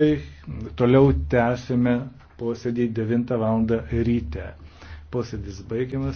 Tai toliau tęsime posėdį 9 val. ryte. Posėdis baigiamas.